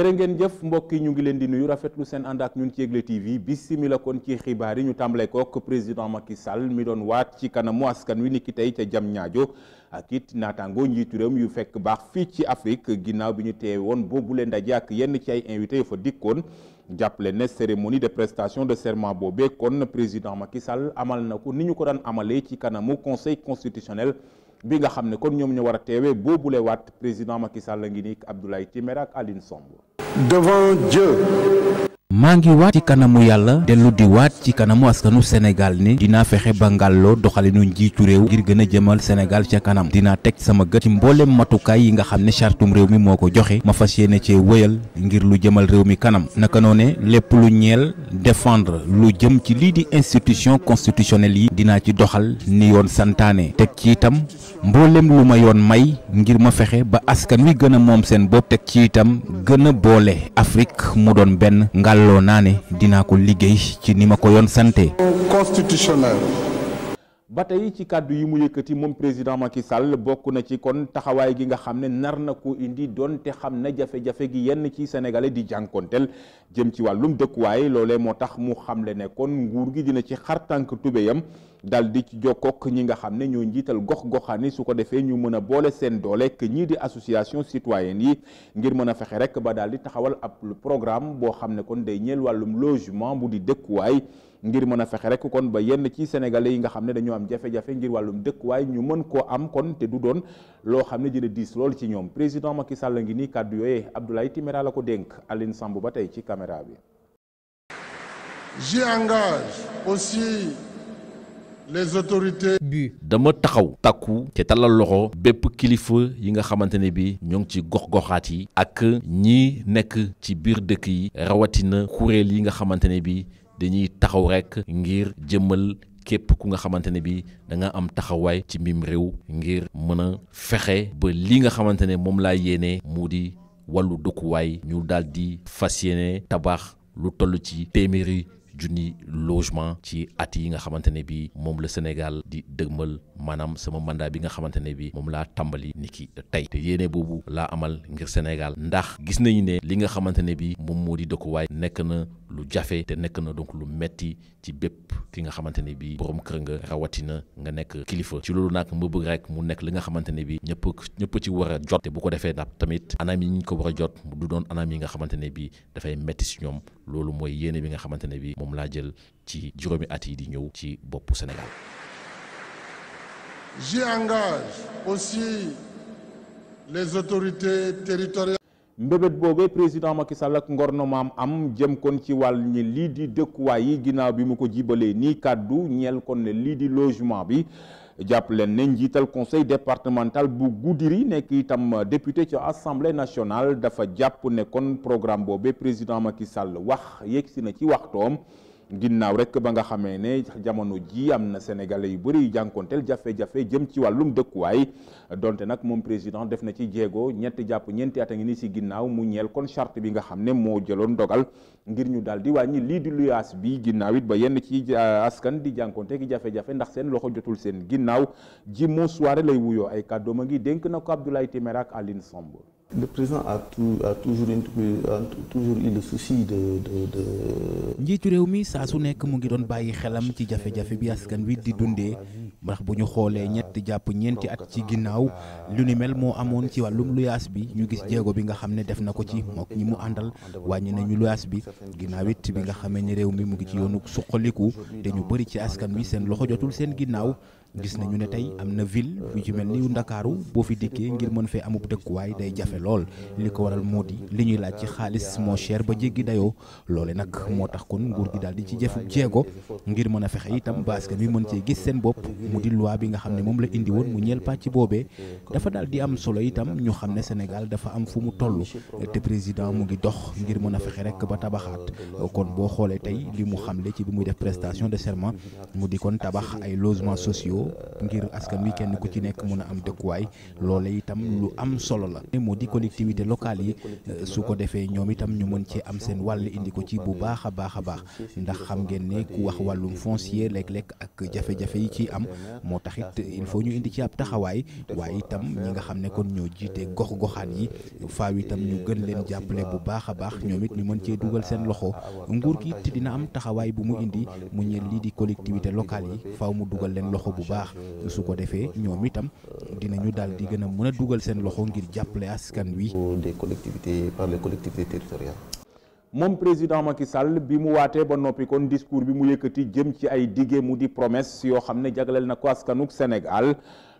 jërë ngeen jëf mbokk yi ñu ngi leen di nuyu rafetlu seen ànd ñun ci TV bismilla kon ci xibaar yi ñu ko président Macky Sall mi doon waat ci kanamu askan wi ni ki tey ca jam ñaajo ak it yu fekk baax fii ci Afrique ginnaaw bi ñu teewe woon boobule ndaje ak yenn ci ay invité yu fa dikkoon jàppale ne cérémonie de prestation de serment bobé kon président Macky Sall amal na ko ni ñu ko daan amalee ci kanamu conseil constitutionnel bi nga xam ne kon ñoom ñu war a teewee boobule waat président Macky Sall ngi nii Abdoulaye Timéra ak Aline devant Dieu. maa ngi waat ci kanamu yàlla dellu di waat ci kanamu askanu Sénégal ni dinaa fexe ba ngàlloo doxalinu njiitu réew ngir gën a jëmal Sénégal ca kanam dinaa teg sama gët ci mboolem matukaay yi nga xam ne chartum réew mi moo ko joxe ma fas yéene cee wëyal ngir lu jëmal réew mi kanam naka noone lépp lu ñeel defendre lu jëm ci lii di institution constitutionnelle yi dinaa ci doxal ni yoon santaane teg ci itam mboolem lu ma yoon may ngir ma fexe ba askan wi gën a moom seen bopp teg ci itam gën a boole Afrique mu yelloo naa ne dinaa ko liggéey ci ni ma ko yoon santé constitutionnel ba tey ci kàddu yi mu yëkkati moom président Macky Sall bokk na ci kon taxawaay gi nga xam ne nar na ko indi doon te xam na jafe-jafe gi yenn ci sénégalais di jànkonteel jëm ci wàllum dëkkuwaay loole moo tax mu xamle ne kon nguur gi dina ci xar tànk tubéyam dal di ci jokkook ñi nga xam ne ñoo njiital gox-goxaan yi su ko defee ñu mën a boole seen doole que ñii di association citoyenne yi ngir mën a fexe rek ba daal di taxawal ab programme boo xam ne kon day ñeel wàllum logement bu di dëkkuwaay ngir mën a fexe rek kon ba yenn ci sénégalais yi nga xam ne dañoo am jafe-jafe ngir wàllum dëkkuwaay ñu mën koo am kon te du doon loo xam ne dina diis lool ci ñoom président Macky Sall ngi nii kàddu yooyee Abdoulaye Timéra la ko dénk Aline Samb ba tey ci caméra bi. les autorités. bu dama taxaw takku Loro talal loxo bépp kilifa yi nga xamantene bi ci gox ak ñi Nek ci yi rawatina kuréel yi nga xamantene bi dañuy taxaw rek ngir jëmmal képp ku nga xamantene bi da nga am ci mbim ngir mëna fexé ba li nga xamantene ne la yéné mudi walu di ñu di tabax lu ci juni logement ci at yi nga xamantene bi mom le Sénégal di deugmal manam sama mandat bi nga xamantene bi niki La tambali niki tay te amal ngir Senegal, ndax gis nañu ne li nga xamantene bi mom modi na lu jafé té nek na donc lu metti ci bép ki nga xamanténi bi borom kër nga rawatina nga nek kilifa ci lolu nak ma bëgg rek mu nek li nga xamanténi bi ñëpp ñëpp ci war jot te bu ko défé nag tamit anam yi ñu ko wara a jot du doon anam yi nga xamanténi bi da fay metti ci ñom lolu moy yéene bi nga xamanténi bi mom la jël ci at di ñëw ci Sénégal engage aussi les autorités territoriales mbébét boobee président Macky Sall ak ngornomaam am jëm kon ci wàll ñi lii di dëkkuwaay yi ginnaaw bi mu ko jibalee nii kàddu ñeel kon ne lii di logement bi jàpp leen ne njiital conseil départemental bu Goudiri nekk itam député ci assemblée nationale dafa jàpp ne kon programme boobee président Macky Sall wax yegsi na ci waxtoom ginnaaw rek ba nga xamee ne jamono ji am na sénégalais yu bëri yu jànkonteel jafe-jafe jëm ci wàllum dëkkuwaay donte nag moom président def na ci jéego ñetti jàpp ñeenti at a ngi ni si ginnaaw mu ñeel kon charte bi nga xam ne moo jëloon dogal ngir ñu daal di wàññi lii di luy as bi ginnaaw it ba yenn ci euh, askan di jànkonte ki jafe-jafe ndax seen loxo jotul seen ginnaaw ji moo soirée lay wuyoo ay kàddoom a ngi dénk na ko Abdoulaye Timéra ak Aline Samb Le président a, tout, a toujours, une, a toujours eu le souci de. de, de... njiitu réew mi saa su nekk mu ngi doon bàyyi xelam ci jafe-jafe bi askan wi di dundee ndax bu ñu xoolee ñett japp ñenti at ci ginnaw lu ni mel mo amone ci walum luyaas bi ñu gis jéego bi nga xamné ne def na ci mok ñi mu àndal wàññi nañu luyaas bi ginnaw it bi nga xamné ne mi mu ngi ci yonuk suqaliku te ñu bari ci askan wi seen loxo jotul seen ginnaw gis nañu ne tey am na ville yu ci mel ni ndakaaru boo fi dikkee ngir mën fee amub dëkkuwaay day jafe lool li ko waral moo di li ñuy laaj ci xaalis moo cher ba jéggi dayoo loole nag moo tax kon nguur gi daal di ci jëfu jéego ngir mën a fexe itam baskan mi mën cee gis seen bopp mu loi bi nga xam ne moom la indi woon mu ñeel pàcc boobee dafa daal am solo itam ñu xam Sénégal dafa am fu mu toll te président mu ngi dox ngir mën a fexe rek ba tabaxaat kon boo xoolee tey li mu xamle ci bi muy def prestation de serment mu di kon tabax ay logement sociaux lëkkaloo ngir askan wi kenn ku ci nekk mën a am dëkkuwaay loola itam lu am solo la moo di collectivité locale yi euh, su ko defee ñoom itam ñu mën ci am seen wàll indi ko ci bu baax a baax a baax ndax xam ngeen ne wax wàllum foncier léeg-léeg ak jafe-jafe yi am moo taxit il faut ñu indi ci ab taxawaay waaye itam ñi nga xam ne kon ñoo jiite gox-goxaan yi faaw itam ñu gën leen jàppale bu baax a baax ñoom it ñu mën cee dugal seen loxo nguur gi it dina am taxawaay bu mu indi mu ñeel lii di collectivité locale yi faaw mu dugal leen loxo bu baax su ko defee ñoom itam dinañu daal di gën a mën a dugal seen loxo ngir jàppale askan wi. des collectivités par les collectivités territoriales. moom président Macky Sall bi mu waatee ba noppi kon discours bi mu yëkkati jëm ci ay diggé mu di promesse yoo xam ne jagaleel na ko askanuk Sénégal.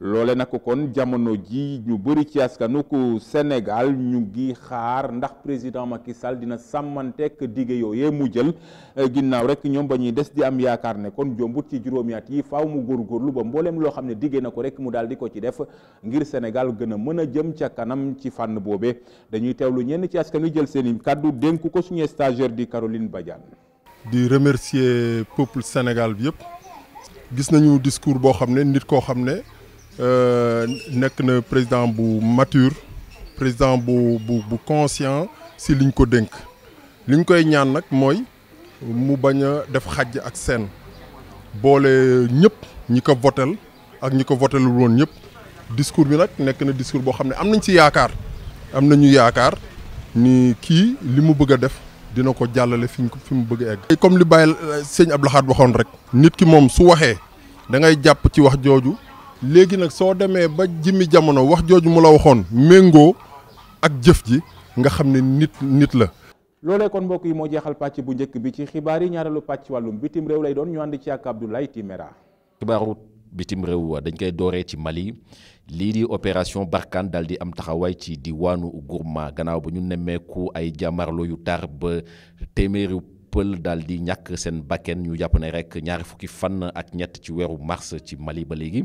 loole nag kon jamono ji ñu bëri ci askanu ko Sénégal ñu ngi xaar ndax président Macky sal dina sàmmanteek dige yooyee mu jël eh, ginnaaw rek ñoom ba ñuy des di am yaakaar ne kon jombut ci juróomi at yi faaw mu góorgóorlu ba mbooleem loo xam ne dige na ko rek mu daal di ko ci def ngir Sénégal gën a mën a jëm ca kanam ci fànn boobee dañuy teewlu ñenn ci askan wi jël seeni kàddu dénk ko suñu stagiaire di Caroline Badiane. di remercier peuple Sénégal yëpp gis nañu boo xam ne nit koo xam ne. Euh, nekk na président bu mature président bu bu bu conscient si liñ ko dénk liñ koy ñaan nag mooy mu bañ a def xàjj ak seen boole ñëpp ñi ko votel ak ñi ko votelul woon ñëpp discours bi nag nekk na discours boo xam ne am nañ ci yaakaar am na ñu yaakaar ni kii li mu bëgg a def dina ko jàllale fi fi mu bëgg a egg. comme li bàyyi euh, sëñ Abdou Lahad waxoon rek. nit ki moom su waxee da ngay jàpp ci wax jooju. léegi nag soo demee ba jimmi jamono wax jooju mu la waxoon méngoo ak jëf ji nga xam ne nit nit la. loolee kon mbokk yi moo jeexal pàcc bu njëkk bi ci xibaar yi ñaareelu pàcc wàllum bitim réew lay doon ñu ànd ci ak lay Timéra. xibaaru bitim réew wa dañ koy dooree ci Mali lii di opération Barkhane daal di am taxawaay ci diwaanu Gourma gannaaw ba ñu nemmeeku ay jàmmarloo yu tar ba téeméeri. pël daal di ñàkk seen bakken ñu jàpp ne rek ñaari fukki fan ak ñett ci weeru mars ci Mali ba léegi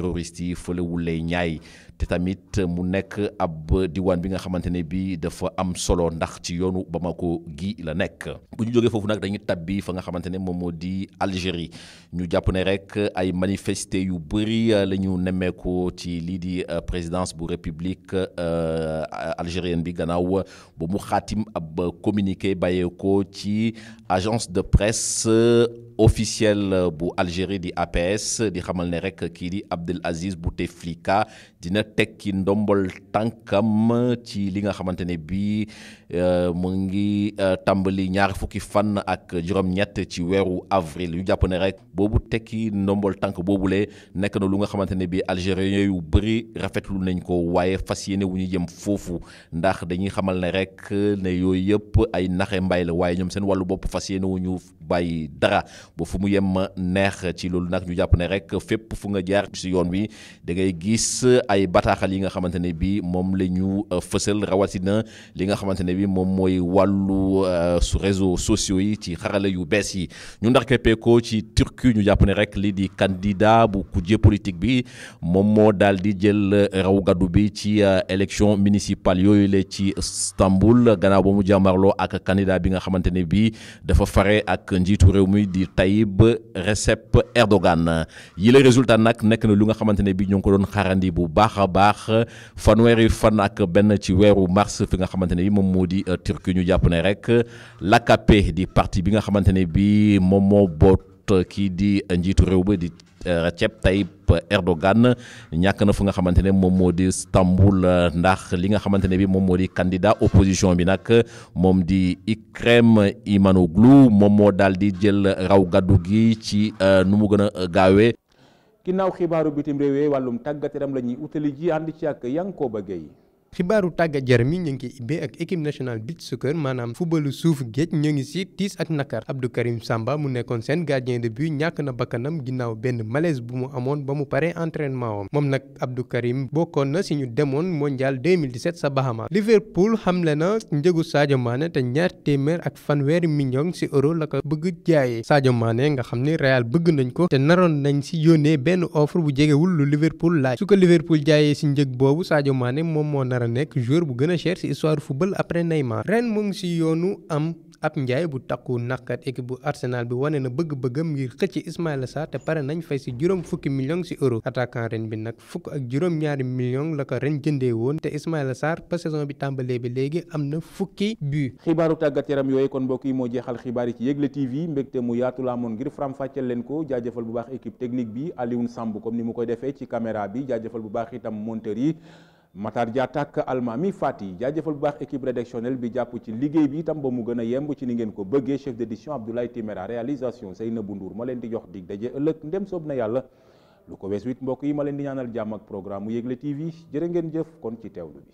terroristes, yi fële wu lay ñaay te tamit mu nekk ab diwaan bi nga bi dafa am solo ndax ci yoonu Bamako gi la nekk bu ñu jógee foofu nag dañuy tabbi fa nga Algérie ñu jàpp ne rek ay manifesté yu bëri la ñu nemmeeku ci lidi euh, présidence bu république euh, algérienne bi gannaaw ba mu khatim ab communiqué bàyyeekoo ci agence de presse officielle bu Algérie di APS di xamal ne rek di Abdel Aziz Bouteflika dina tekki ndombol tankam, ci li nga xamantene bi euh, ngi euh, tambali ñaar fukki fan ak juroom ñett ci wéru avril yu japp ne rek boobu tekki ndombol tànk boobule nek na lu nga xamantene bi algérien yu bari rafetlu nañ ko waye fas yéene ñu jëm fofu ndax dañuy xamal ne rek ne yoy yep ay naxé mbay la seen walu bop dara Bofumuyem fu mu yem neex ci Funga nak ñu japp ne rek fep fu nga jaar ci yoon wi da ngay gis ay bataxal yi nga xamantene bi mom lañu ñu euh, fësal rawatina li nga xamantene bi mom moy walu euh, su réseaux sociaux yi ci xarala yu bees yi ñu ndax ko ci Turquie ñu japp ne rek li di candidat bu jé politique bi mom mo dal di jël raw gàddu bi ci euh, élection municipale yoyu le ci Istanbul gana ba mu jamarlo ak candidat bi nga xamantene bi dafa faré ak njiitu réew mi di Tayyip Recep Erdogan yi le résultat nak nekk na lu nga xamante ne bi ñoo ngi ko doon xaarandi bu baax a baax fanweeri fan ak benn ci weeru mars fi nga xamante ne bi moom moo di euh, Turquie ñu jàpp ne rek l'AKP di partie bi nga xamante ne bi moom moo boot kii di njiitu réew ba di euh, Recep Tayyip Erdogan ñàkk na fu nga xamante ne moom moo di Istanbul ndax li nga xamante ne bi moom moo di candidat opposition bi nag moom di Ikrem İmamoğlu moom moo daal di jël raw gàddu gi ci euh, nu mu gën a gaawee ginnaaw xibaaru bitim réew yi wàllum tàggat yaram la ñuy utali ji ànd ci ak Yankoba Gueye xibaaru tàggat yaram yi ñu ngi koy ubbee ak équipe nationale beach soccer maanaam fubalu suuf géej ñu ngi si tiis ak nakar Abdou Karim Samba mu nekkoon seen gardien de but ñàkk na bakkanam ginnaaw benn malaise bu mu amoon ba mu paree entraînement am moom nag Abdou Karim bokkoon na si ñu demoon mondial 2017 sa Bahamas Liverpool xamle na njëgu Sadio maane te ñaar téeméer ak fanweeri million si euro la ko bëgg jaayee Sadio Mané nga xam ne Real bëgg nañ ko te naroon nañ si yónnee benn offre bu jegewul lu Liverpool laaj si njëg boobu Sadio Mané moom nar a nekk joueur bu gën a cher ci histoire football après Neymar ren mu ngi ci yoonu am ab njaay bu takku naqat équipe bu Arsenal bi wane na bëgg-bëggam ngir xëcc Ismaïla Sarr te pare nañ fay ci juróom fukki millions ci euro attaquant ren bi nag fukk ak juróom ñaari millions la ko ren jëndee woon te Ismaïla Sarr ba saison bi tàmbalee bi léegi am na fukki but. xibaaru tàggat yaram yooyu kon mbokk yi moo jeexal xibaar yi ci Yegle TV mbégte mu yaatu la amoon ngir faram-fàcceel leen ko ni mu koy defee ci caméra Matar Dia tàkk Almami Fati jaajëfal bu baax équipe rédactionnelle bi jàpp ci liggéey bi itam ba mu gën a yemb ci ni ngeen ko bëggee chef d'édition Abdoulaye Timéra réalisation Seynabou Ndour ma leen di jox dig daje ëllëg ndem soob na yàlla lu ko wees wit mbokk yi ma leen di ñaanal jàmm ak programme mu Yegle TV jërë ngeen jëf kon ci teewlu bi